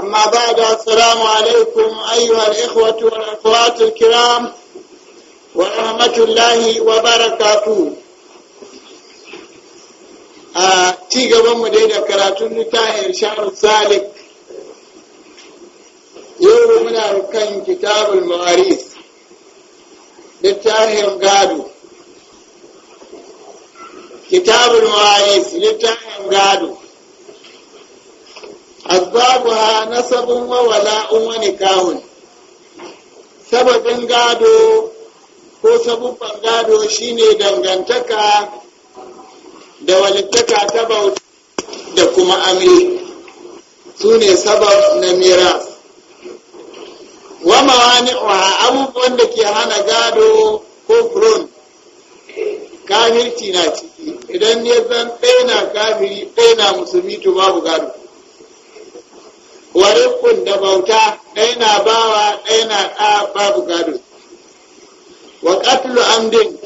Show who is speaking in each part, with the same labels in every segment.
Speaker 1: أما بعد السلام عليكم أيها الإخوة والأخوات الكرام ورحمة الله وبركاته ci gaban mu dai da karatun littafin sharh salik yau muna kan kitabul mawaris littafin gado kitabul mawaris littafin gado asbabuha nasabun wawala wala'un wani kawun. sababin gado ko sabubban gado shine dangantaka da walittaka ta bauta da kuma amri su ne sabab na miras wa mawani'uha abubuwan da ke hana gado ko kron kafirci na ciki idan ya zan ɗaya na kafiri ɗaya na musulmi to babu gado wa rifkun da bauta ɗaya na bawa ɗaya na ɗa babu gado wa an amdin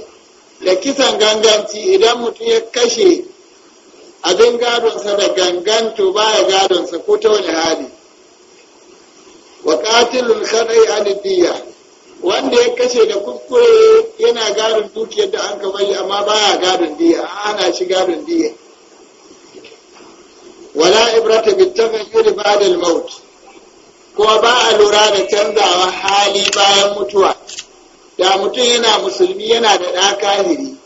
Speaker 1: da kisan ganganci idan mutum ya kashe abin gadonsa da gangan to baya gadonsa ko ta wani hali wa qatilul khar'i anidiyya wanda ya kashe da kuskure yana gadon dukiyar da an ka bayi amma baya gadon diya ana shi gadon diya wala ibrata bi taghayyur ba'da al-maut kuma ba a lura da canzawa hali bayan mutuwa da mutum yana musulmi yana da ɗa kahiri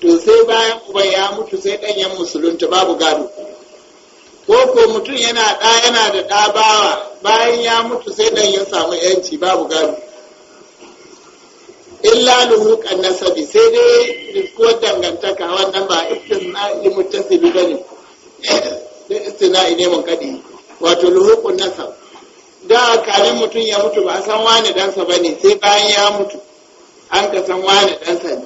Speaker 1: to sai bayan uban ya mutu sai ɗanyen musulunta babu gado ko ko mutum yana ɗa yana da ɗa bawa bayan ya mutu sai ɗan ya samu yanci babu gado illa luhuƙan nasabi sai dai riskuwar dangantaka wannan ba istisna'i mutasili ba ne sai istina'i ne mun kadi wato luhuqun nasab da kamin mutum ya mutu ba a san wani dansa bane sai bayan ya mutu an ka san wani dansa ne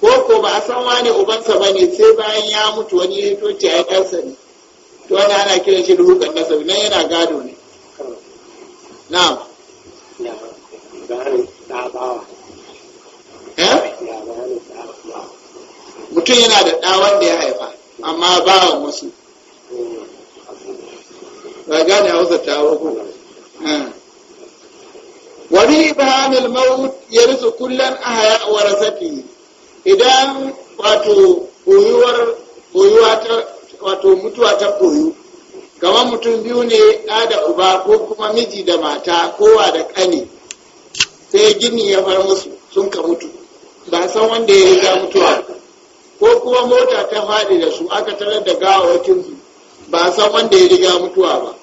Speaker 1: ko ko ba a san wani ubansa bane sai bayan ya mutu wani ya to ce yi dansa ne to wani ana kiran shi luhuqun nasab nan yana gado ne na'am eh? mutum yana da ɗa wanda ya haifa amma ba wa musu. ba gane hausa ta wani ibhamil maut ya rizu kullum a haya wa rasati idan wato koyuwar koyuwa ta wato mutuwa ta koyu kamar mutum biyu ne ɗa da uba ko kuma miji da mata kowa da ƙani sai gini ya far musu sun ka mutu ba san wanda ya za mutuwa ko kuma mota ta faɗi da su aka tarar da gawawakin su ba san wanda ya riga mutuwa ba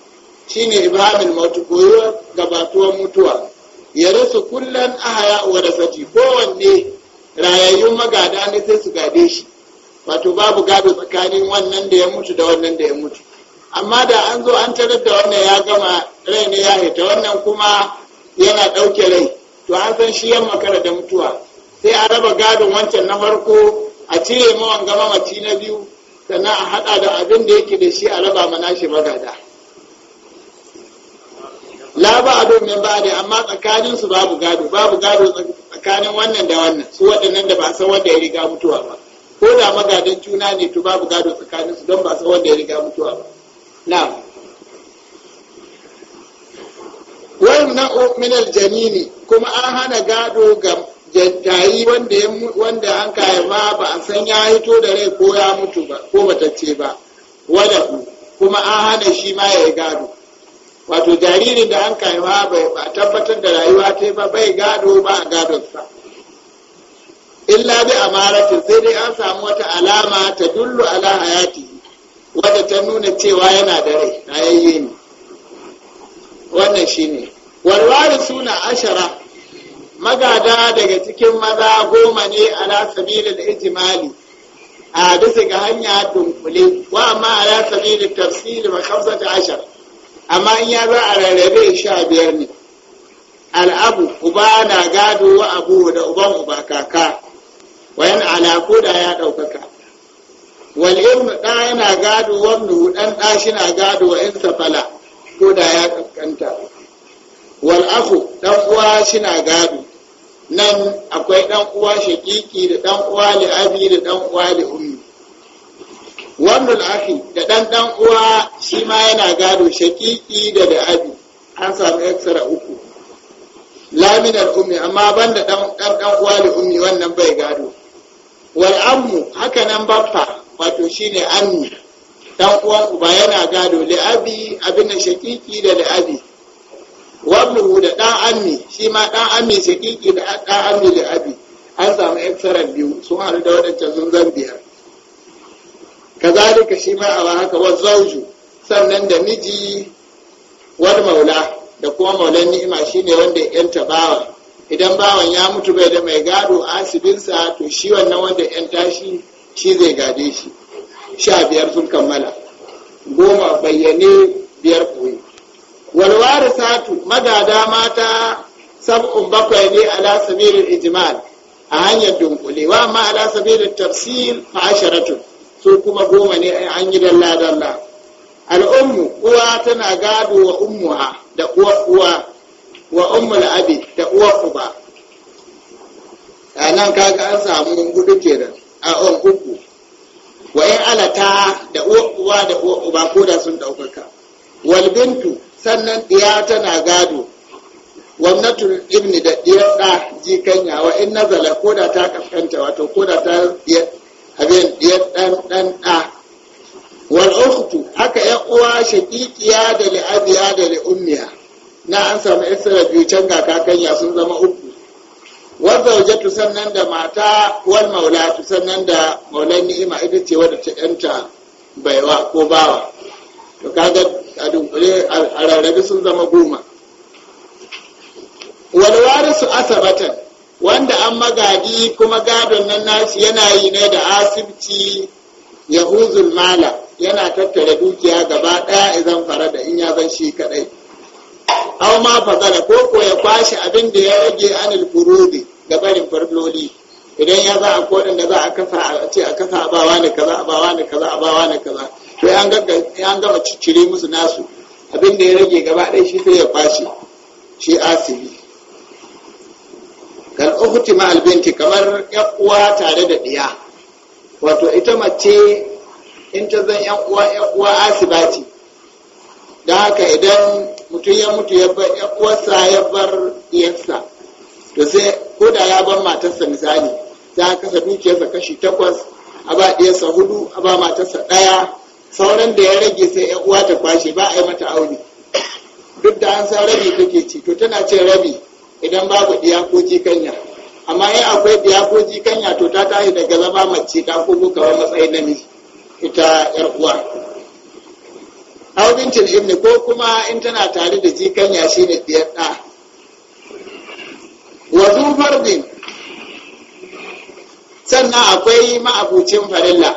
Speaker 1: Shi ne Ibrahim mautu koyo gabatuwar mutuwa ya rasu kullan ahaya wa rasati kowanne rayayyun magada ne sai su gade shi wato babu gado tsakanin wannan da ya mutu da wannan da ya mutu amma da an zo an tarar da wannan ya gama rai ne ya hita wannan kuma yana ɗauke rai to an san shi yan makara da mutuwa sai a raba gadon wancan na farko a cire mawan gama mace na biyu sannan a haɗa da abin da yake da shi a raba mana shi magada la ba a domin ba da amma tsakanin su babu gado babu gado tsakanin wannan da wannan su waɗannan da ba san wanda ya riga mutuwa ba ko da magadan juna ne to babu gado tsakanin su don ba san wanda ya riga mutuwa ba na wani na minal janini kuma an hana gado ga yayi wanda wanda an ma ba a san ya hito da rai ko ya mutu ba ko tace ba wada kuma an hana shi ma ya gado wato jaririn da an kai bai ba tabbatar da rayuwa ta ba bai gado ba a sa illa bi amarati sai dai an samu wata alama ta dullu ala hayati wadda ta nuna cewa yana da rai na yayye ne wannan shine warwari suna ashara magada daga cikin maza goma ne ala sabili da ijimali a bisa ga hanya dunkule wa amma ala sabili tafsiri wa kamsa ta ashar amma in ya za a rarrabe sha biyar ne al'abu uba na gado wa abu da uban uba kaka wayan ala da ya ɗaukaka wal ilmu ɗa yana gado wannan ɗan ɗa shi na gado wa in safala da ya kankanta wal afu ɗan uwa shi na gado nan akwai ɗan uwa shaƙiƙi da ɗan uwa li'abi da ɗan uwa li'ummi wannan akhi da ɗan ɗan uwa shi ma yana gado shaƙiƙi da li'abi an samu extra uku laminar ummi amma ban da ɗan ɗan uwa li'ummi wannan bai gado wal ammu haka nan baffa wato shine annu. ɗan uwan uba yana gado li'abi abin da shaƙiƙi da li'abi wabnuhu da ɗan ammi shi ma ɗan ammi shaƙiƙi da ɗan ammi da abi an samu eksaran biyu sun haɗu da waɗancan sun biyar kazalika shi ma a haka wa zauju sannan da miji wal maula da kuma maulan ni'ima shine wanda ya yanta bawa idan bawan ya mutu bai da mai gado a asibinsa to shi wannan wanda ya yanta shi shi zai gade shi sha biyar sun kammala goma bayyane biyar koyi walwari satu magada mata sab'un bakwai ne ala sabilin ijmal a hanyar dunkule wa amma ala sabilin tafsir asharatu so kuma goma ne an yi dalla dalla al'ummu uwa tana gado wa ummuha da uwa uwa wa ummul abi da uwa uba nan kaga an samu gudu kenan a on uku wa in alata da uwa uwa da uwa uba ko da sun daukaka wal bintu sannan ɗiya tana gado wannan ibni da ɗiyar ji jikanya wa in nazala ko da ta kafkanta wato ko da ta abin ɗiyar ɗan ɗan ɗa wal ukhtu haka ƴan uwa shaqiqiya da li'abiya da li'ummiya na an samu isra biyu can ga kakanya sun zama uku wal zawjatu sannan da mata wal maulatu sannan da maulan ni'ima ita ce wadda ta yanta baiwa ko bawa to kaga a sun zama goma su asabatan wanda an magadi kuma gadon nan nashi yana yi ne da asibci ya mala yana tattara dukiya gaba ɗaya idan fara da in ya zan shi kaɗai aw ma fazala ko ko ya kwashe abin da ya rage anil furudi ga barin farloli idan ya za a kodin da za a kafa a ce a kafa abawa ne kaza abawa ne kaza abawa ne kaza to ya gama cicire musu nasu abinda ya rage gaba ɗaya shi sai ya kwashe shi asibi kan ukuti ma albinti kamar yan uwa tare da ɗiya wato ita mace in ta zan yan uwa yan uwa asiba ce da haka idan mutum ya mutu ya bar yan uwarsa ya bar diyarsa to sai ko da ya bar matarsa misali za a kasa dukiyarsa kashi takwas a ba diyarsa hudu a ba matarsa ɗaya sauran da ya rage sai ya uwa ta kwashe ba a yi mata aure duk da an san rabi take ci to tana cin rabi idan babu ɗiya ko amma in akwai ɗiya ko to ta tashi daga zama mace ta kogo kamar matsayin namiji ita yar uwa aubin ibni ko kuma in tana tare da jikanya ne biyar da wazu fardin sannan akwai ma'abucin farilla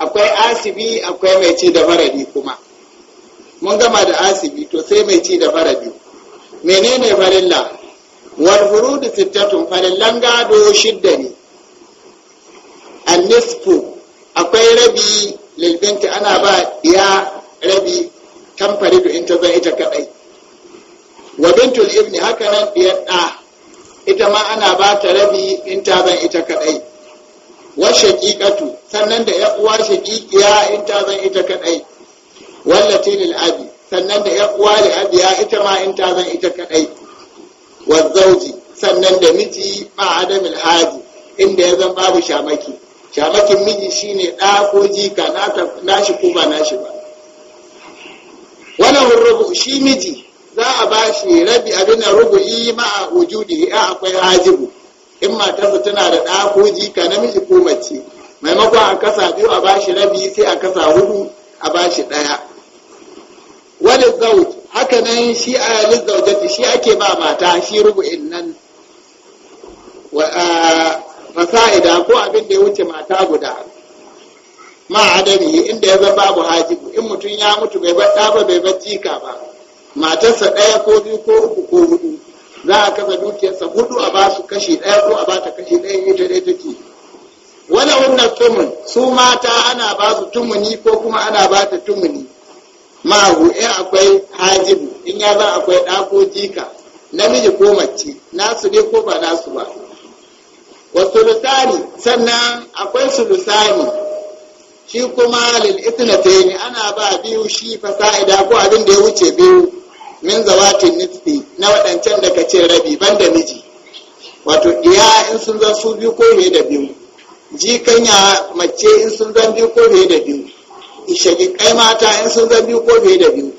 Speaker 1: akwai asibi akwai mai ci da faradi kuma mun gama da asibi to sai mai ci da faradi menene farilla wal furudu sittatun farillan gado shidda ne annisfu akwai rabi lilbinti ana ba ya rabi faridu in ta zan ita kadai wa bintul ibni haka nan biyar da ita ma ana ba ta rabi in ta zan ita kadai wa shaqiqatu sannan da yan uwa shaqiqiya in ta zan ita kadai wallati lil abi sannan da yan uwa li abiya ita ma in ta zan ita kadai wa zawji sannan da miji ba adamil haji inda ya zan babu shamaki shamakin miji shine ɗa ko jika nashi ko ba nashi ba wannan rubu shi miji za a ba shi rabi abin rubu'i ma'a wujudi a akwai hajibu in matarsa tana da ɗa ko jika namiji ko mace maimakon a kasa biyu a bashi rabi sai a kasa hudu a bashi ɗaya wani zauj haka nan shi a lizaujati shi ake ba mata shi rubu'in nan fasa'ida ko abin da ya wuce mata guda ma adami inda ya zan babu hajibu in mutum ya mutu bai bar ɗa bai bar jika ba matarsa ɗaya ko biyu ko uku ko hudu za a kasa dukiyarsa hudu a ba su kashi ɗaya ko a ba ta kashi ɗaya ita dai take wala hunna tumun su mata ana ba su tumuni ko kuma ana ba ta tumuni ma'ahu in eh, akwai hajibu in ya za akwai ɗa ko jika namiji ko mace nasu ne ko ba nasu ba Wasu sulusani sannan akwai su sulusani shi kuma lil ne, ana ba biyu shi fasa'ida ko abin da ya wuce biyu min zawatin nitsi na waɗancan da ka ce rabi banda miji wato ɗiya in sun zan su biyu ko fiye da biyu jikanya mace in sun zan biyu ko fiye da biyu shagikai mata in sun zan biyu ko fiye da biyu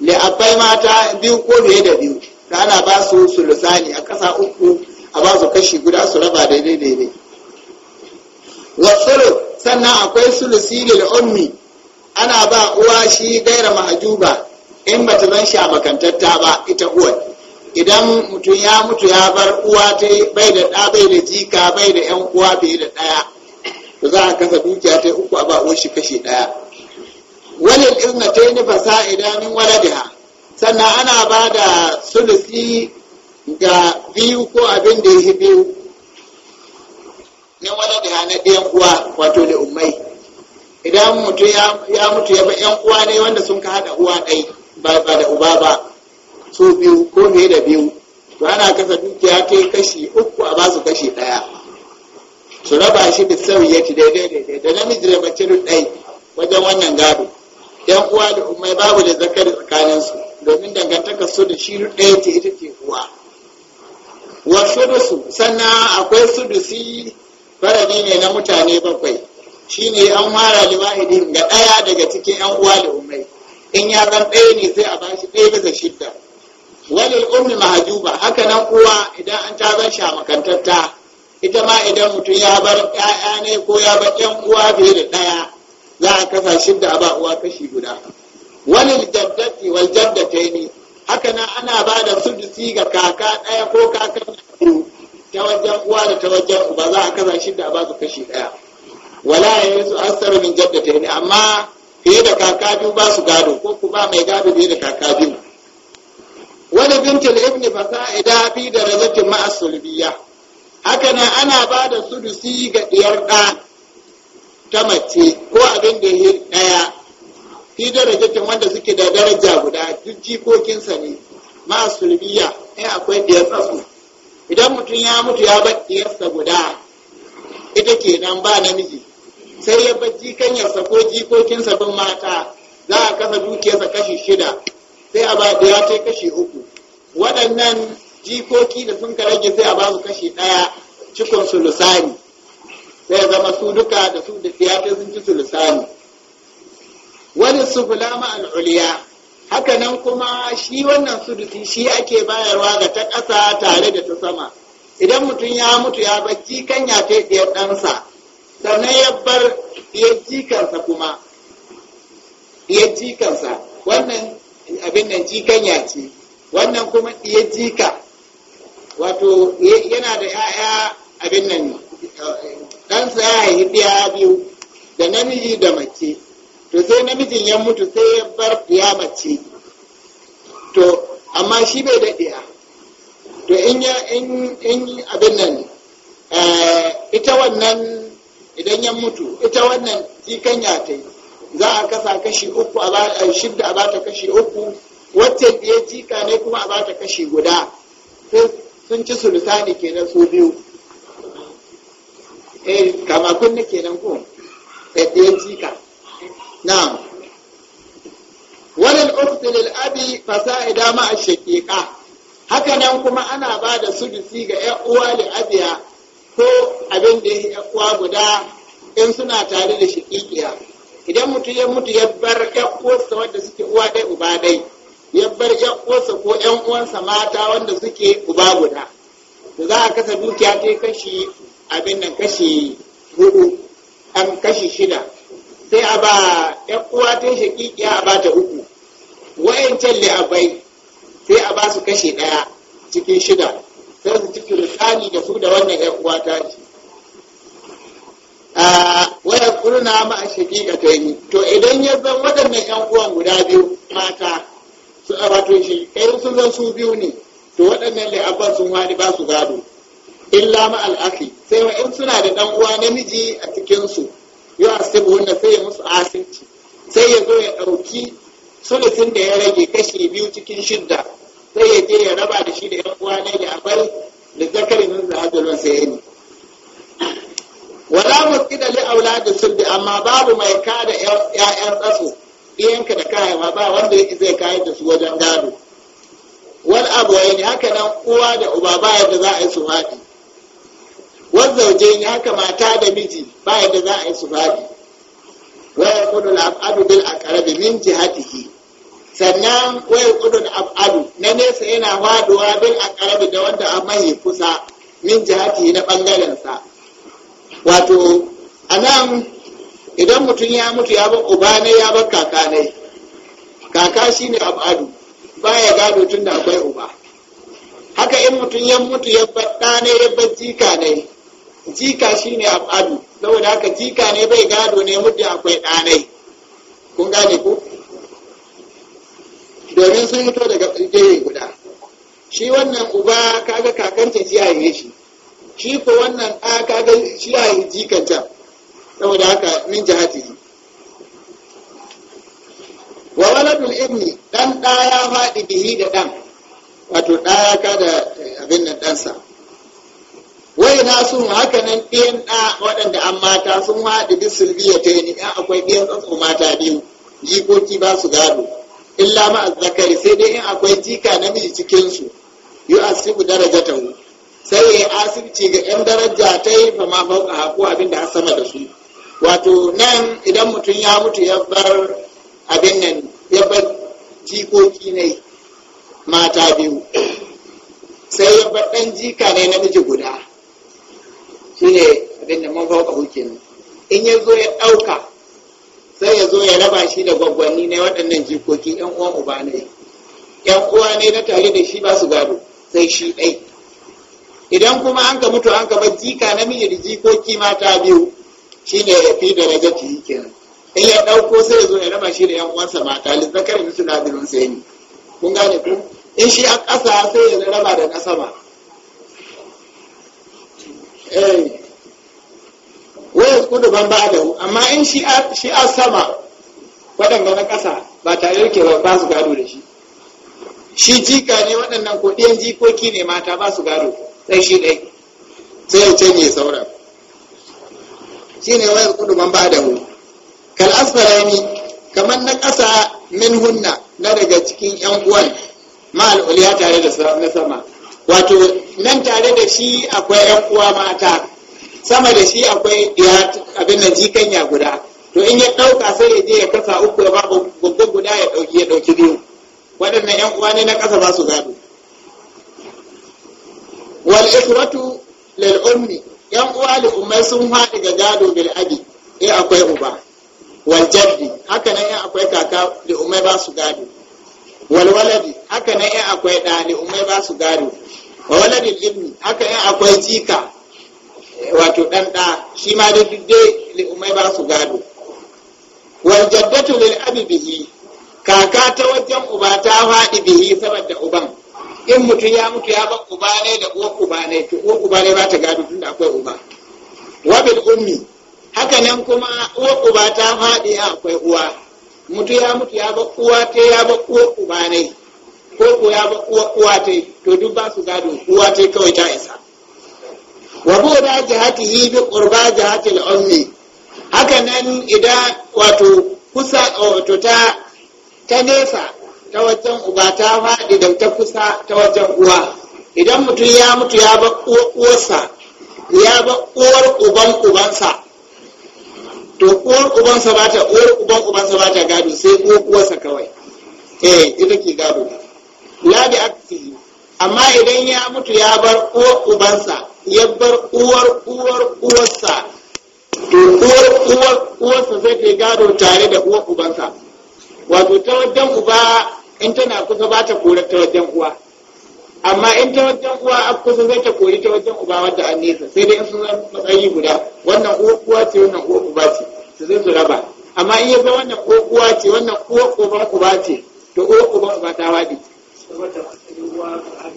Speaker 1: li'abbai mata biyu ko fiye da biyu da ana ba su sulusani a ƙasa uku a ba su kashi guda su raba daidai daidai wasu sannan akwai sulusi lil ummi ana ba uwa shi gaira mahajuba in ba ta zan sha makantatta ba ita uwar idan mutum ya mutu ya bar uwa ta bai da ɗa bai da jika bai da yan uwa bai da ɗaya to za a kasa dukiya ta uku a ba uwar shi kashe ɗaya wani izna ta yi nufasa idanin waladiha sannan ana ba da sulusi ga biyu ko abin da ya yi biyu min waladiha na ɗayan uwa wato da ummai idan mutum ya mutu ya ba yan uwa ne wanda sun ka haɗa uwa ɗaya baba da uba ba su biyu ko me da biyu to ana kasa dukiya kai kashi uku a basu kashi ɗaya su raba shi da sauyati daidai daidai da namiji da mace duk dai wajen wannan gado yan uwa da umai babu da zakari tsakanin su domin dangantaka su da shi ɗaya ce ita ce uwa wa sudusu sannan akwai sudusi farani ne na mutane bakwai shine an fara lima'idin ga ɗaya daga cikin yan uwa da umai in ya zan ɗaya ne sai a ba shi ɗaya bisa shidda walil ummi mahajuba haka nan uwa idan an ta a makantarta ita ma idan mutum ya bar ɗaya ne ko ya bar ɗan uwa fiye da ɗaya za a kasa shidda a ba uwa kashi guda walil jaddati wal jaddataini haka nan ana ba da sudusi ga kaka ɗaya ko kakan biyu ta wajen uwa da ta wajen uba za a kasa shidda a ba su kashi ɗaya wala ya yi su asar min jaddataini amma biye da kaka ba su gado ko ku mai gado biye da kaka biyu wani bintul ibn fasa'ida bi da razatin ma'as haka nan ana ba da sudusi ga diyar da ta mace ko abin da ya daya fi darajatin wanda suke da daraja guda duk jikokinsa ne ma'as sulbiya eh, akwai diyar su. idan mutum ya mutu ya bar diyarsa guda ita kenan ba namiji sai ya bar jikanyarsa ko jikokinsa bin mata za a kasa dukiyarsa kashi shida sai a ba da ta kashi uku waɗannan jikoki da sun rage sai a ba su kashi ɗaya cikon sulusani sai zama su duka da su da siyata sun ci sulusani wani sufula al'uliya haka nan kuma shi wannan sudusi shi ake bayarwa ga ta ƙasa tare da ta sama idan mutum ya mutu ya bar jikanya ta ɗansa sannan ya bar ya kansa kuma ya kansa wannan abin nan jikan ya ce wannan kuma ya jika wato yana da 'ya'ya abin nan ɗansa ya haifi ya biyu da namiji da mace to sai namijin ya mutu sai ya bar ya mace to amma shi bai daɗe to in abin nan eh, ita wannan idan ya mutu ita wannan jikanya ta yi za a kasa kashi uku a shidda a bata kashi uku wacce biye jika ne kuma a bata kashi guda sun ci sulusani kenan su biyu kamakun eh, kama kunna kenan ko ɗaya eh, jika na walil ofisar lil fasa fasa'ida a ash-shaqiqa haka nan kuma ana ba da sudusi ga 'yan uwa li abiya ko abin da ya uwa guda in suna tare da shiƙiƙiya idan mutum ya mutu ya bar uwarsa wanda suke uwa dai uba dai ya bar uwarsa ko yan uwansa mata wanda suke uba guda to za a kasa dukiya ta kashi abin nan kashi hudu an kashi shida sai a ba yan uwa ta shaƙiƙiya a ba ta uku wayancan li'abai sai a ba su kashi ɗaya cikin shida sai su ciki rikani da su da wannan ‘yan uwa ta ce. Waya kurna ma a shaƙiƙa ta yi, to idan ya zan waɗannan ‘yan uwan guda biyu mata, su a wato shi, ɗayan sun zan su biyu ne, to waɗannan li'abban sun wani ba su gado. Illa ma al'afi, sai wa in suna da ɗan uwa namiji a cikinsu, yau a sai sai ya musu asirci, sai ya zo ya ɗauki sulusin da ya rage kashi biyu cikin shidda sai ya je ya raba da shi da yan uwa ne da abai da zakari min da ajulun sai ne wala muskida li auladi sulbi amma babu mai kada ƴaƴan tsaso iyanka da kayawa ba wanda yake zai kayar da su wajen gado wal abuwaini haka nan uwa da uba ba yadda za a yi su faɗi wal ne haka mata da miji ba yadda za a yi su faɗi wa yakunu al-abadu bil aqrabi min jihatihi sannan waya kudun abadu na nesa yana waduwa bin akarabi da wanda a mahi kusa min jihati na bangarensa wato a nan idan mutum ya mutu ya bar uba ne ya bar kaka ne kaka shine ba ya gado tun da akwai uba haka in mutum ya mutu ya bar ɗa ne ya bar jika ne jika shi ne abadu saboda haka jika ne bai gado ne mutu akwai ɗanai. kun gane ku domin sun fito daga gehe guda shi wannan uba kaga kakanta shi yaye shi shi ko wannan a kaga shi yaye jikanta saboda haka min jihatihi wa waladul ibni dan ɗa ya faɗi bihi da ɗan wato ɗa ya kada abin nan ɗansa wai na sun haka nan ɗiyan ɗa waɗanda an mata sun haɗi bisulbiya ta yi ni, akwai ɗiyan tsatso mata biyu jikoki ba su gado illa ma azzakari sai dai in akwai jika namiji cikin su yu asibu darajatahu sai ya asibci ga yan daraja ta yi fa ma fauka haku abin da sama da su wato nan idan mutum ya mutu ya bar abin nan ya bar jikoki ne mata biyu sai ya bar dan jika ne namiji guda shine abin da man fauka hukin in ya zo ya ɗauka sai ya zo ya raba shi da gwaggwanni ne waɗannan jikoki yan uwan uba ne yan uwa ne na tare da shi ba su gado sai shi ɗai idan kuma an ka mutu an ka bar jika namiji da jikoki mata biyu shi ne ya fi da rajati kenan in ya ɗauko sai ya zo ya raba shi da yan uwansa mata lizzakar da suna bilin sai ne kun gane ku in shi a ƙasa sai ya raba da ƙasa ba eh. wai kudu ban ba da amma in shi a sama waɗanda na ƙasa ba tare yake ba ba su gado da shi shi jika ne waɗannan ko ɗiyan jikoki ne mata ba su gado sai shi ɗai sai ya canje saura shi ne wayan kudu ban ba da kal asfarani kamar na ƙasa min hunna na daga cikin yan uwan ma'al uliya tare da na sama wato nan tare da shi akwai yan uwa mata sama da shi akwai ya abin nan jikanya guda to in ya ɗauka sai ya je ya kasa uku ya ba babba guda ya ɗauki ya dauki biyu wadannan yan uwa ne na ƙasa ba su gado wal ikhwatu lil ummi yan uwa li ummai sun faɗi ga gado bil abi eh akwai uba wal jaddi haka nan yan akwai kaka li ummai ba su gado wal waladi haka nan yan akwai ɗa li ummai ba su gado wa waladin limmi haka yan akwai jika wato ɗan ɗa shi ma da duk dai li'ummai ba su gado wal jaddatu lil abi bihi kaka ta wajen uba ta faɗi bihi saboda uban in mutum ya mutu ya bar uba ne da uwar uba ne to uwar uba ne ba ta gado tun da akwai uba wa bil ummi haka nan kuma uwar uba ta faɗi ya akwai uwa mutu ya mutu ya bar uwa ta ya bar uwar uba ne ko ko ya bar uwar uwa ta to duk ba su gado uwa ta kawai ta isa wa buda yi bi qurba jihatil ummi haka nan idan wato kusa wato ta ta nesa ta wajen uba ta faɗi da ta kusa ta wajen uwa idan mutum ya mutu ya ba uwarsa ya ba uwar uban ubansa to uwar ubansa ba ta uwar uban ubansa ba ta gado sai uwar uwarsa kawai eh ita ke gado la bi aksihi amma idan ya mutu ya bar uwar ubansa ya bar uwar uwar uwarsa to uwar uwar uwarsa zai ke gado tare da uwar ubansa wato ta wajen uba in tana kusa ba ta kora ta wajen uwa amma in ta wajen uwa a kusa zai ta kori ta wajen uba wadda an nesa sai dai in sun zan matsayi guda wannan uwar uwa ce wannan uwar uba ce su zai su raba amma in ya ga wannan uwar uwa ce wannan uwar uban uba ce to uwar uban uba ta waɗi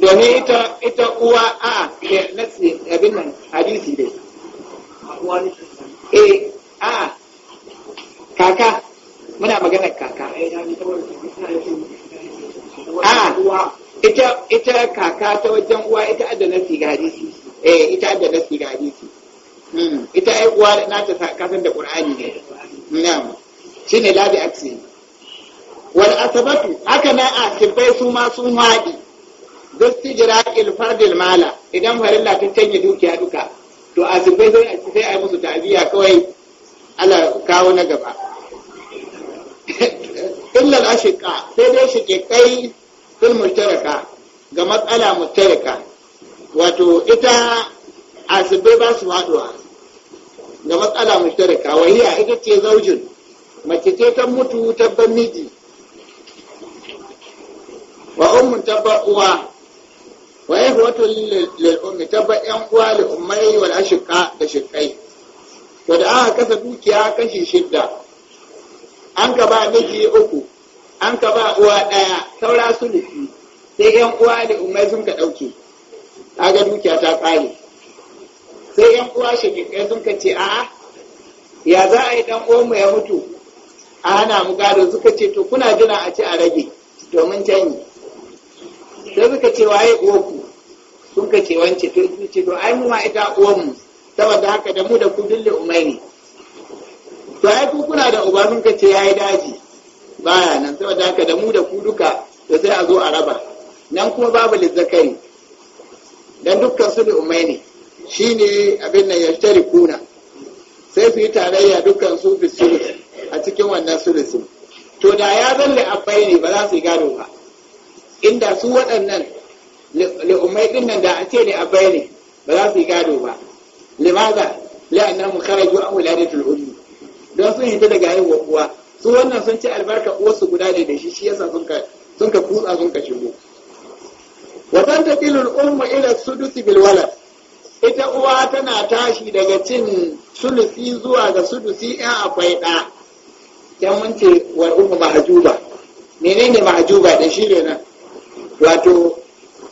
Speaker 1: domin ita ita uwa a ke nasi abin nan hadisi dai eh a kaka muna magana kaka a ita ita kaka ta wajen uwa ita adda nasi ga hadisi eh ita adda nasi ga hadisi hmm, ita ai uwa na ta kasan da qur'ani ne na'am shine labi aksi wal asabatu haka a asibai su ma sun haɗi duk tijira ilfardil mala idan farilla ta canye dukiya duka to a asibai sai a yi musu tabiya kawai ala kawo na gaba illal ashiqa sai dai kai fil mushtaraka ga matsala mushtaraka wato ita asibai ba su haɗuwa ga matsala mushtaraka wahiya ita ce zaujin mace ce ta mutu ta ban miji wa ummun tabba uwa wa ihwatu lil ummi tabba yan uwa lil ummai wal ashqa da shiqai to da aka kasa dukiya kashi shidda an ka ba miji uku an ka ba uwa daya saura sulusi sai yan uwa lil ummai sun ka dauke kaga dukiya ta kare sai yan uwa shiqai sun ka ce a'a ya za a yi dan uwanmu ya mutu a hana mu gado suka ce to kuna jina a ci a rage domin canyi sai suka ce waye uwarku sun ka ce wance to su ce to ai mu ma ita uwanmu saboda haka da mu da ku dille ne. to ai ku kuna da uba sun ka ce yi daji baya nan saboda haka da mu da ku duka da sai a zo a raba nan kuma babu lizzakari dan dukkan su ne, shi ne abin nan tare kuna sai su yi tarayya dukkan su bisu a cikin wannan sulusin to da ya zalle akwai ne ba za su yi gado ba inda su waɗannan li'ummai din nan da a ce ne a ne ba za su yi gado ba limaza la'annan mu kharaju an wuladatul ummi don sun hita daga haihuwa uwa su wannan sun ci albarka uwarsu guda ne da shi shi yasa sun ka sun ka kutsa sun ka shigo wa tantaqilul ummu ila sudusi bil walad ita uwa tana tashi daga cin sulusi zuwa ga sudusi in akwai ɗa yan mun ce wa ummu mahjuba menene mahjuba da shi ne nan wato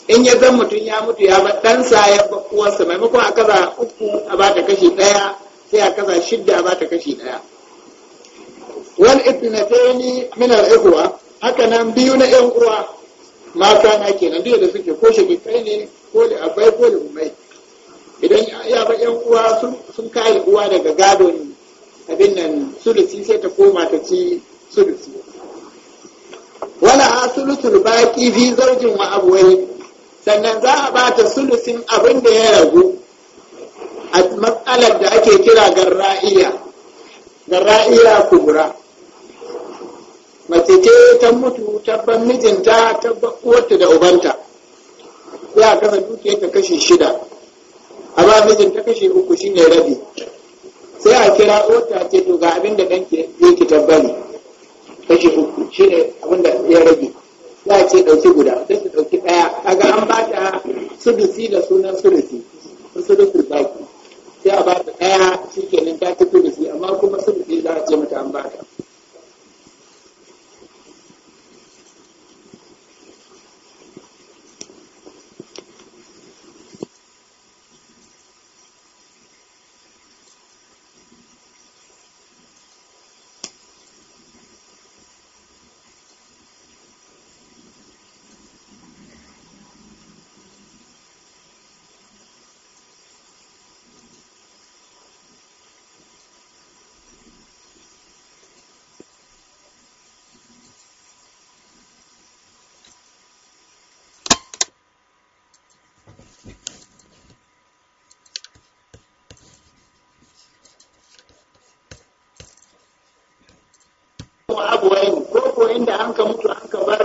Speaker 1: in ya zan mutum ya mutu ya bar ɗansa ya ba uwarsa maimakon a kaza uku a ba ta kashi ɗaya sai a kaza shidda a ba ta kashi ɗaya wal ibnatayni min al ikhwa haka nan biyu na yan uwa mata na kenan duk da suke ko kai ne ko da abai ko da umai idan ya ba yan uwa sun kai uwa daga gadon abin nan sulusi sai ta koma ta ci sulusi wala sulusul baki fi zawjin wa abwayhi sannan za a ba ta sulusin abin da ya ragu a matsalar da ake kira garra'iya garra'iya kubra mace ce ta mutu tabban mijinta tabban uwarta da ubanta ya a kasa dukiyar ta kashe shida a ba mijin ta kashe uku shine rabi sai a kira uwarta ce to ga abin da ɗanki yake tabbani kashi uku shi ne abinda ya rage za a ce ɗauki guda sai su ɗauki ɗaya kaga an ba ta sudusi da sunan sudusi sudusi baki sai a ba ta ɗaya shi kenan ta ci sudusi amma kuma sudusi za a ce mata an ba ta ko inda an ka mutu an ka bar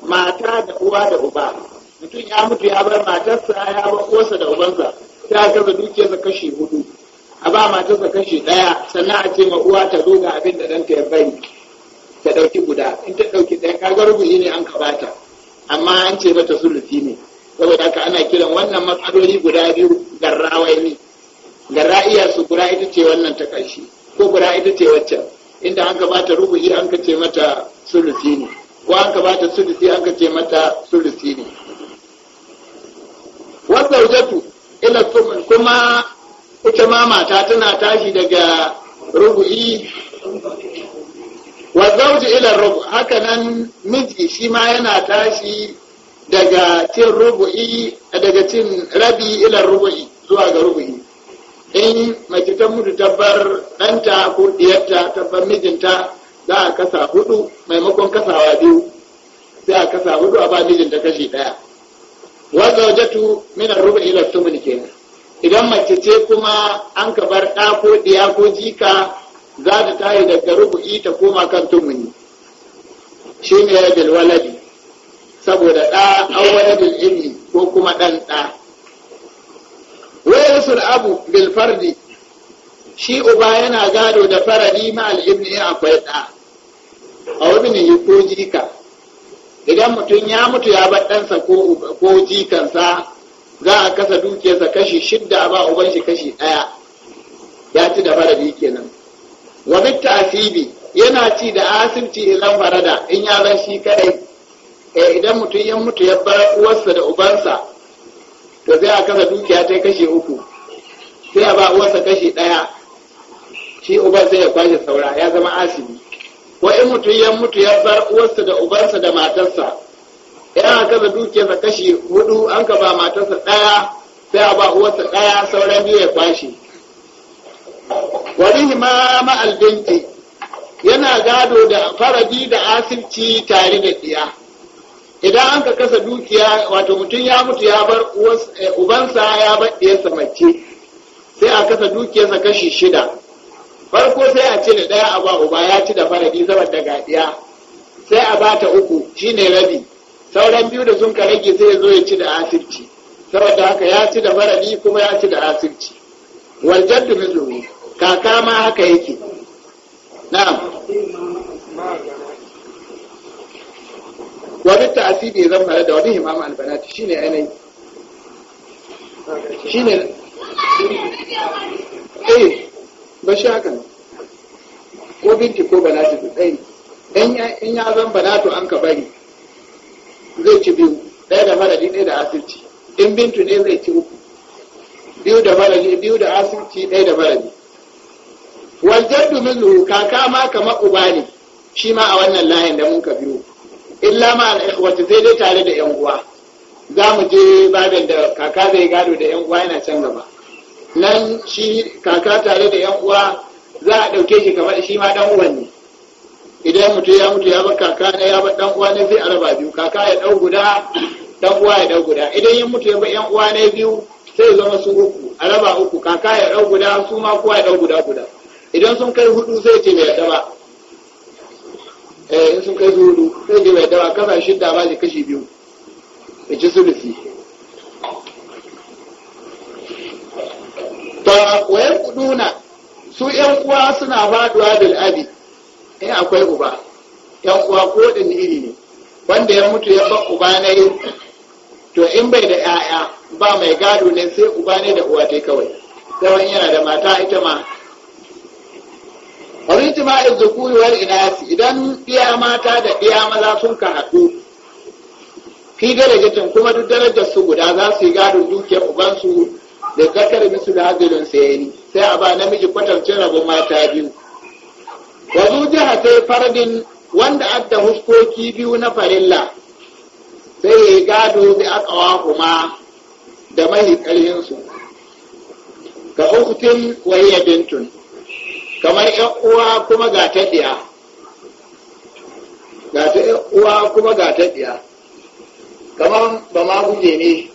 Speaker 1: mata da uwa da uba mutum ya mutu ya bar matarsa ya bar uwarsa da ubansa ta gaza dukiyarsa kashi hudu a ba matarsa kashi daya sannan a ce ma uwa ta zo ga abin da ɗanta ya bari ta ɗauki guda in ta ɗauki ɗaya kaga rubuci ne an ka bata amma an ce mata sulufi ne saboda haka ana kiran wannan matsaloli guda biyu garrawai ne garra iya su guda ita ce wannan ta ƙarshe ko guda ita ce waccan inda an bata rubu'i an ce mata sulusi ne ko an bata sulusi an ce mata sulusi ne wanda wajatu ila kuma ita ma mata tana tashi daga rubu'i zauji ila rubu haka nan miji shi ma yana tashi daga cin rubu'i daga cin rabi ila rubu'i zuwa ga rubu'i in mace ta mutu bar ɗanta ko ɗiyarta tabbar mijinta za a kasa hudu maimakon kasawa biyu sai a kasa hudu a ba mijinta kashi ɗaya wanda tu min ruba ila tumun kenan idan mace ce kuma an ka bar ɗa ko ɗiya ko jika za ta tayi daga rubu'i ta koma kan tumuni shi ne bilwaladi saboda ɗa an wani bilini ko kuma ɗan ɗa yarisul abu bil shi uba yana gado da faradi ma al-ibn in akwai da a yi ko jika idan mutum ya mutu ya bar ɗansa ko jikansa za a kasa dukiyarsa kashi shidda ba uban shi kashi ɗaya ya ci da faradi kenan wa bit ta'sibi yana ci da asibci idan farada in ya zan shi kadai eh, idan mutum ya mutu ya bar uwarsa da ubansa to zai a kasa dukiya ta kashi uku sai a ba uwarsa kashi ɗaya shi uban sai ya kwashe saura ya zama asibi ko in mutum ya mutu ya bar uwarsa da ubansa da matarsa yana aka da dukiyarsa kashi hudu an ka ba matarsa ɗaya sai a ba uwarsa ɗaya sauran biyu ya kwashe wani hima ma'albinci yana gado da faradi da asibci tare da ɗiya idan an ka kasa dukiya wato mutum ya mutu ya bar eh, ubansa ya bar ɗiyarsa mace sai a kasa dukiyarsa kashi shida farko sai a cire ɗaya a ba uba ya ci da faradi saboda gadiya sai a bata uku shine rabi sauran biyu da sun karage sai ya zo ya ci da asirci saboda haka ya ci da faradi kuma ya ci da asirci wal jaddu ne, kaka ma haka yake na'am wani ta'asibi zan zama da wani himama albanati shine ainihi shine eh ba shi haka ko binti ko balatu su tsaye in ya zan balatu an ka bari zai ci biyu ɗaya da maradi ɗaya da asirci in bintu ne zai ci uku biyu da maradi biyu da asirci ɗaya da maradi wajen domin zuhu kaka ma kamar uba ne shi ma a wannan layin da mun ka biyu illa ma wata zai dai tare da yan uwa za mu je babin da kaka zai gado da yan uwa yana can gaba nan shi kaka tare da yan uwa za a ɗauke shi kamar shi ma dan uwan ne idan mutum ya mutu ya bar kaka ne ya bar dan uwa ne zai a raba biyu kaka ya ɗau guda dan uwa ya ɗau guda idan yin mutu ya bar yan uwa ne biyu sai zama su uku a raba uku kaka ya ɗau guda su ma kowa ya ɗau guda guda idan sun kai hudu sai ce mai daba eh sun kai hudu sai ce mai daba kasa shidda ba shi kashi biyu ya ci sulusi su yan uwa suna faduwa bil abi in akwai uba yan uwa ko din iri ne wanda ya mutu ya bar uba ne to in bai da yaya ba mai gado ne sai uba ne da uwa dai kawai sai yana da mata ita ma wani jima'in zukuri wal inasi idan iya mata da iya maza sun ka haɗu fi darajatin kuma duk darajar su guda za su yi gadon dukiyar ubansu da gatar misu da hajjilin sai a ba namiji kwatance rabon mata biyu wazu jiha sai fardin wanda adda huskoki biyu na farilla sai ya yi gado bi akawa kuma da mahi ƙarhinsu ka uktin waye bintun kamar yan uwa kuma ga ta diya ga ta uwa kuma ga ta diya kamar ba ma guje ne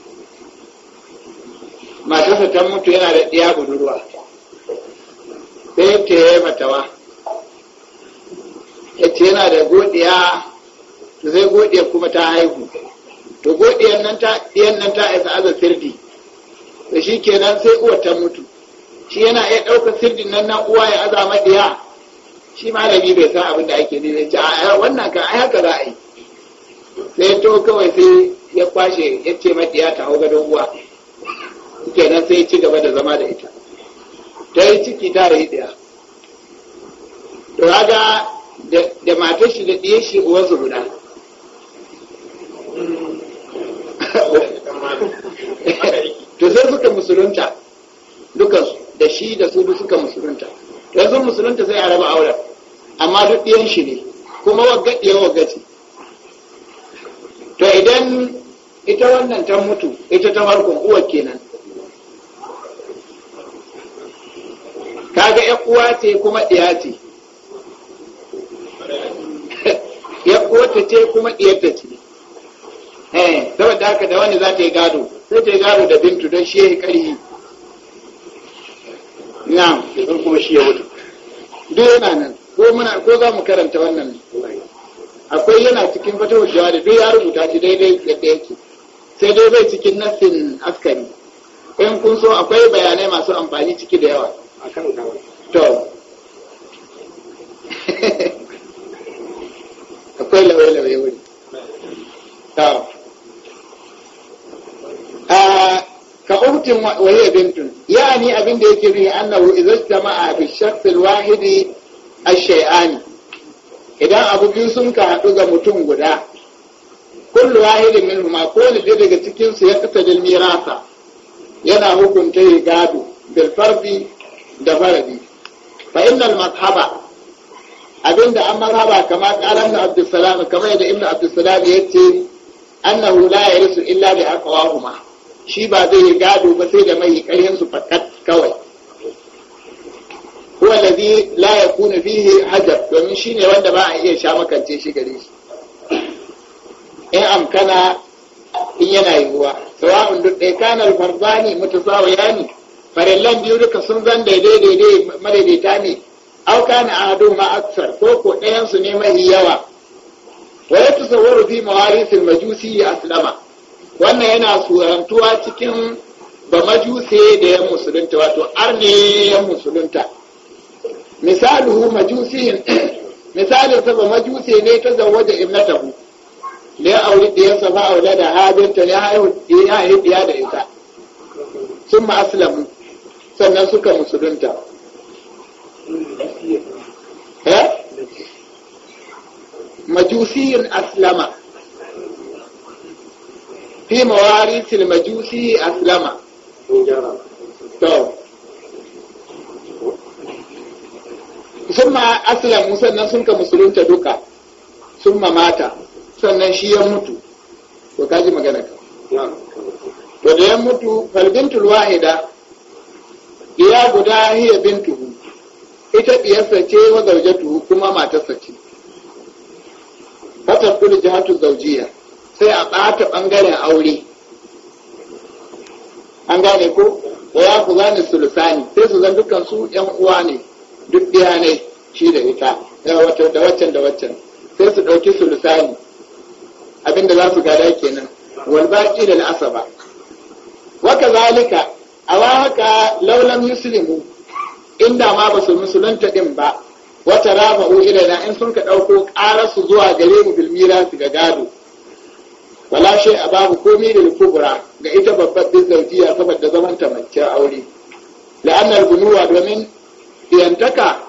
Speaker 1: matarsa ta mutu yana da ɗiya budurwa sai ta yi matawa ya ce yana da godiya to zai godiya kuma ta haihu to godiyan nan ta ɗiyan nan ta isa aza sirdi da shi kenan sai uwa ta mutu shi yana iya ɗaukar sirdin nan na uwa ya aza maɗiya shi malami bai sa abin da ake ne ce a wannan ka ai haka za a yi sai to kawai sai ya kwashe ya ce maɗiya ta hau gadon uwa kenan sai ci gaba da zama da ita ta yi ciki ta rai daya to da matar shi da ɗiye shi uwar su to sai suka musulunta dukansu da shi da su suka musulunta to yanzu musulunta sai a raba auren amma duk ɗiyan shi ne kuma wagga ɗiyan wagga ce to idan ita wannan ta mutu ita ta farkon uwar kenan kaga ya uwa ce kuma ɗiya ce yan uwata ce kuma ɗiyarta ce eh saboda haka da wani za ta yi gado sai ta yi gado da bintu don shi ya yi ƙarfi na kuma shi ya wuce duk yana nan ko muna ko za mu karanta wannan akwai yana cikin fata hujjawa da duk ya rubuta shi daidai yadda yake sai dai bai cikin nassin askari in kun so akwai bayanai masu amfani ciki da yawa to akwai lauye-lauye wuri to ka uhtin wahiyar bintun yani abin da yake nuni annahu idza jama'a bi shakhs wahidi ash-shay'ani idan abu biyu sun ka haɗu ga mutum guda kullu wahidin minhuma ko ne daga cikin ya fita da mirasa yana hukunta ya gado bil da faradi fa innal mazhaba abinda an marhaba kamar qala ibn abdussalam kama yadda abdussalam yace annahu la yarisu illa bi aqwahuma shi ba zai yi gado ba sai da mai karhin su fakat kawai huwa alladhi la yakunu fihi hajar domin shine wanda ba a iya sha makance shi gare shi in amkana in yana yiwuwa sawa'un duk ɗaya kanar farzani mutasawiyani farallan biyu duka sun zan daidai daidai madaidaita ne au kana ado ma aksar ko ko ɗayan su ne mai yawa wa ya tasawwaru fi mawarisil majusi ya aslama wannan yana surantuwa cikin ba majuse da ya musulunta wato arne ya musulunta misaluhu majusi misalin ta ba majuse ne ta zawwaja ibnatahu ne aure da ya saba aure da habinta ne ya haihu da ita sun ma aslamu sannan suka musulunta eh? majusiyin aslama fi mawarisil majusi aslama to sun ma aslamu sannan sun ka musulunta duka sun ma mata sannan shi ya mutu ko kaji magana ka to da ya mutu falbintul wahida ya guda hiya tuhu. ita ɗiyarsa ce wa tuhu kuma matarsa ce wata kula jihatu zaujiya sai a ɓata ɓangaren aure an gane ko wa ya ku zane sulusani sai su zan su yan uwa ne duk biya ne shi da ita da waccan da waccan sai su ɗauki sulusani abinda za su gada kenan walba baqi lil asaba wa zalika a haka laulam yuslimu inda ma ba su musulunta din ba wata ila na in sun ka ɗauko ƙararsu zuwa gare mu bilmira su ga gado wala shi a babu komi da kubra ga ita babbar bin zaujiya saboda zaman ta mace aure la'annar bunuwa domin diyantaka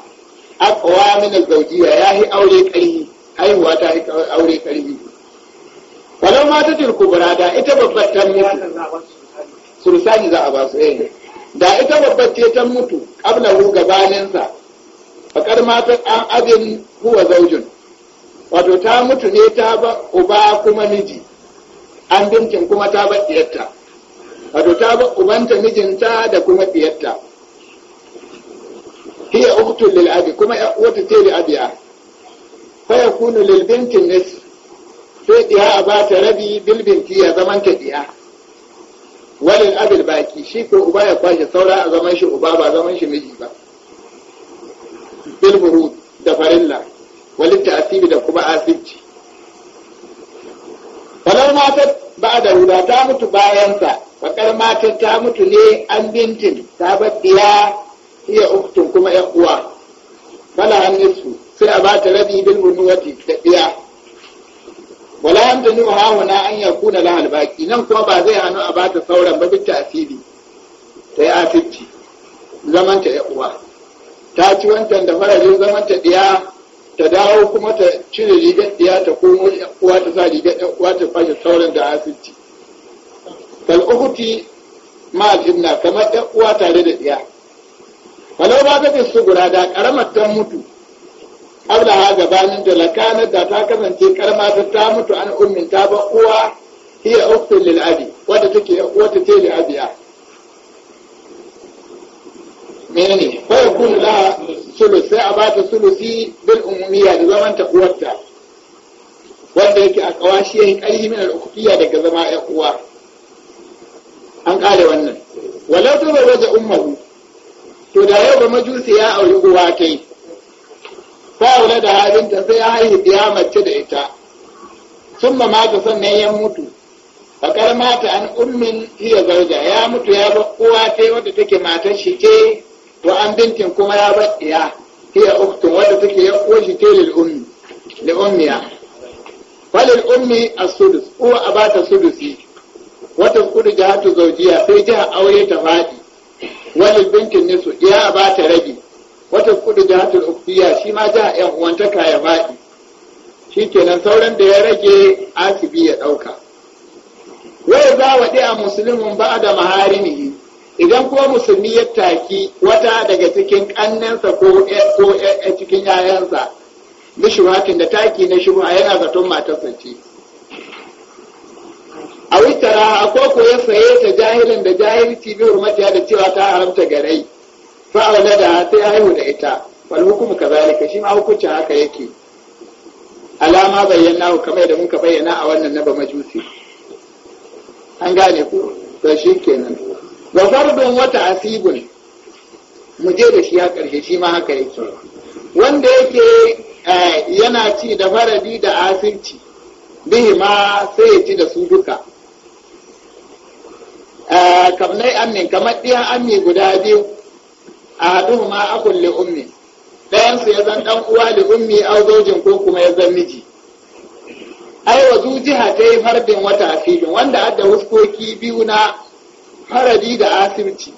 Speaker 1: aqwa min zaujiya yahi aure ƙarfi haihuwa ta yi aure ƙarfi walau ma ta kubra da ita babbar ta mutu sulusani za a ba su eh da ita babbar ce ta mutu qablahu gabaninsa fakar mata an abin huwa zaujin wato ta mutu ne ta ba uba kuma miji an bincin kuma ta ba diyarta wato ta ba ubanta mijinta da kuma diyarta hiya uktu lil abi kuma wata ce li abiya fa yakunu lil binti nis sai diya a ba ta rabi bil binti ya zaman ta diya walin abil baki shi ko uba ya kwashe saura a zaman shi uba ba zaman shi miji ba bilburu da farilla walin ta'asibi da kuma asibci falar matar ba da ruda ta mutu bayansa bakar mata ta mutu ne an bintin ta baɗiya iya uktun kuma yan uwa fala su sai a ba ta rabi bil bunuwati da wala ha hawana an yakuna la albaqi nan kuma ba zai hanu a bata sauran ba bitta asiri ta yi afici zaman ta uwa ta ci wancan da farajin zaman ta diya ta dawo kuma ta cire rigar diya ta komo uwa ta sa rigar uwa ta fashe sauran da afici kal ukhti ma jinna kamar uwa tare da diya walau ba ga su gura da karamar ta mutu abla ha gabanin da lakana da ta kasance karma ta ta mutu an ummin ta ba uwa hiya ukhtu lil abi wanda take wata ce li abiya menene fa yakun la sulu sai a bata sulusi bil umumiyya da zaman ta uwarta wanda yake a kawashi yayin karhi min al ukhtiya daga zama ya uwa an kare wannan walau ta waje ummahu to da yau ba majusi ya auri uwa ta yi sa'ula da halinta sai ya haihu ya mace da ita sun ma mata sannan ya mutu bakar mata an ummin iya zarga ya mutu ya ba uwa ta wadda take matar shi ce to an bintin kuma ya bar iya iya uktun wadda take ya uwa shi ce lil'ummiya ummi falil ummi a sudus uwa a bata sudusi wata kudu jihatu zaujiya sai jiha aure ta fadi walil bintin nisu ya a bata rabi wata kudu jihatul ukfiya shi ma jiha yan uwantaka ya baɗi, shi kenan sauran da ya rage asibi ya ɗauka wai za waɗi a musulmin ba da maharimihi idan kuma musulmi ya taki wata daga cikin ƙannensa ko cikin yayansa da shuhakin da taki na shuha yana zaton matarsa ce a witara ko ko ya saye ta jahilin da jahilci bi hurmatiya da cewa ta haramta garai fa'aula da sai haihu da ita wal hukumu kazalika shi ma hukuncin haka yake alama bayyana ku kamar da muka bayyana a wannan naba majusi an gane ku da shi kenan wa fardun wata asibun mu je da shi ya karshe shi ma haka yake wanda yake eh, yana ci da faradi da asirci bihi ma sai ya ci da su duka eh, kamnai amin kamar ɗiyan ami guda biyu ahaduhuma akul li ummi dayan su ya zan dan uwa li ummi aw zawjin ko kuma ya zan miji ai wa zujiha tay fardin wa ta'filin wanda adda huskoki biyu na faradi da asibiti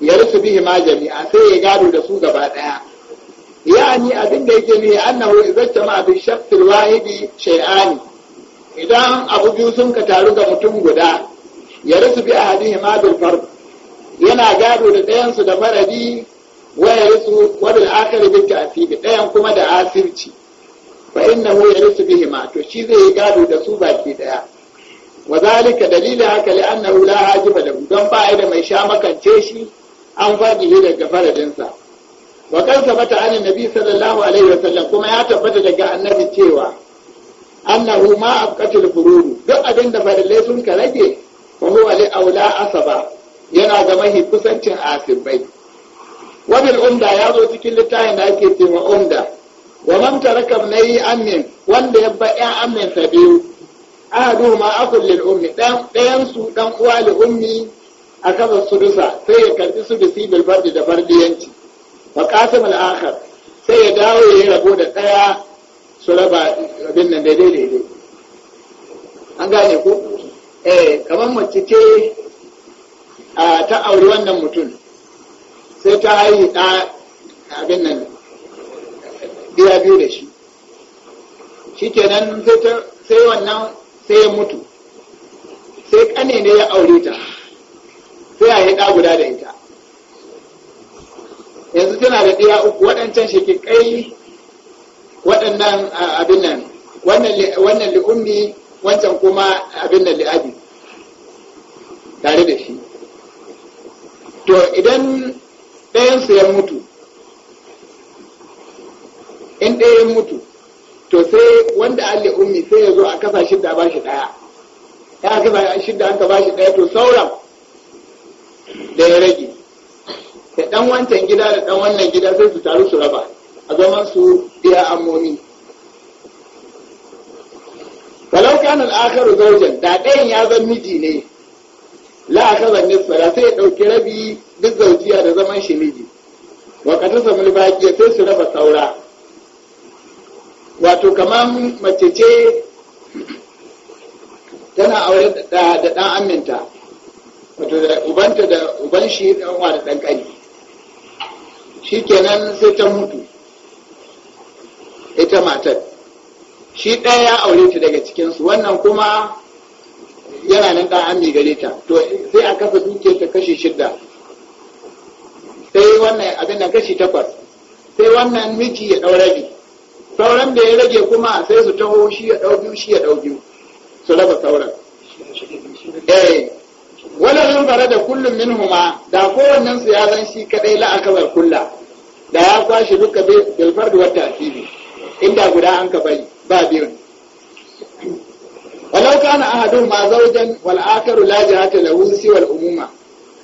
Speaker 1: ya rufe bihi ma jami'a sai ya gado da su gaba daya yani abin da yake ne annahu idza ma bi shaqqil wahidi shay'ani idan abu biyu sun ka taru ga mutum guda ya rufe bi ma bil fard yana gado da ɗayansu da faradi waya rusu la'akar akari bil ta'siri ɗayan kuma da asirci fa innahu yarisu bihima to shi zai yi gado da su baki ɗaya. Wazalika dalilin haka li annahu la da lahu don ba da mai sha makance shi an ne daga faradinsa wa kan sabata an nabi sallallahu alaihi wa sallam kuma ya tabbata daga annabi cewa annahu ma fururu duk abin da farilai sun ka rage wa huwa li asaba yana ga mahi kusancin asibai wabil umda ya zo cikin littafin da ake cewa umda wa man taraka na yi amin wanda ya ba ɗan amin sa biyu ahadu ma akul lil ummi dan su ɗan uwa lil ummi a kasa sudusa sai ya karɓi sudusi bil fardi da fardiyanci wa qasim al akhar sai ya dawo ya rabo da ɗaya su raba abin nan daidai daidai an gane ko eh kamar mace ce ta auri wannan mutum sai ta haihi ɗa abin nan biya biyu da shi shi kenan sai wannan sai ya mutu sai ƙane ne ya aure ta sai a yi ɗa guda da ita yanzu tana da ɗaya uku waɗancan shekikai waɗannan abin nan wannan li'ummi wancan kuma abin nan li'abi tare da shi to idan ɗayansu ya mutu in ɗaya ya mutu to sai wanda alle ummi sai ya zo a kasa shidda ba shi ɗaya ya kasa shidda an ka ba shi ɗaya to sauran da ya rage da ɗan wancan gida da ɗan wannan gida sai su taru su raba a zaman su iya amoni. falau kana al'akaru zaujan da ɗayan ya zan miji ne la akaza nisfara sai ya ɗauki rabi duk zaujiya da zaman shi miji wa kadasa ya sai su raba saura wato kamar mace ce tana aure da ɗan aminta wato da ubanta da uban shi ɗan wa da ɗan ƙari shi kenan sai ta mutu ita matar shi ɗaya ya aure ta daga cikinsu wannan kuma yana nan da ami gare ta to sai a kafa dukiyar ta kashi shidda sai wannan abin nan kashi takwas sai wannan miji ya ɗau rabi sauran da ya rage kuma sai su taho shi ya ɗau biyu shi ya ɗau biyu su raba sauran eh wala in fara da kullum min huma da kowannen su ya zan shi kadai la'akabar kulla da ya kwashi duka bilfar da wata asiri inda guda an ka bari ba biyun walau kana ahadun ma zaujan wal akaru la jahata siwal umuma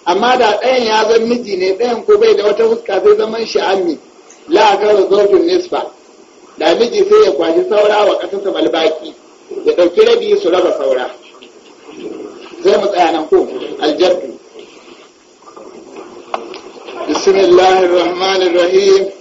Speaker 1: amma da ɗayan ya zan miji ne ɗayan ko bai da wata huska sai zaman sha'ami la ka zaujun nisfa da miji sai ya kwashi saura wa ƙasarsa balbaki ya ɗauki rabi su raba saura sai mu tsaya nan ko bismillahir rahmanir rahim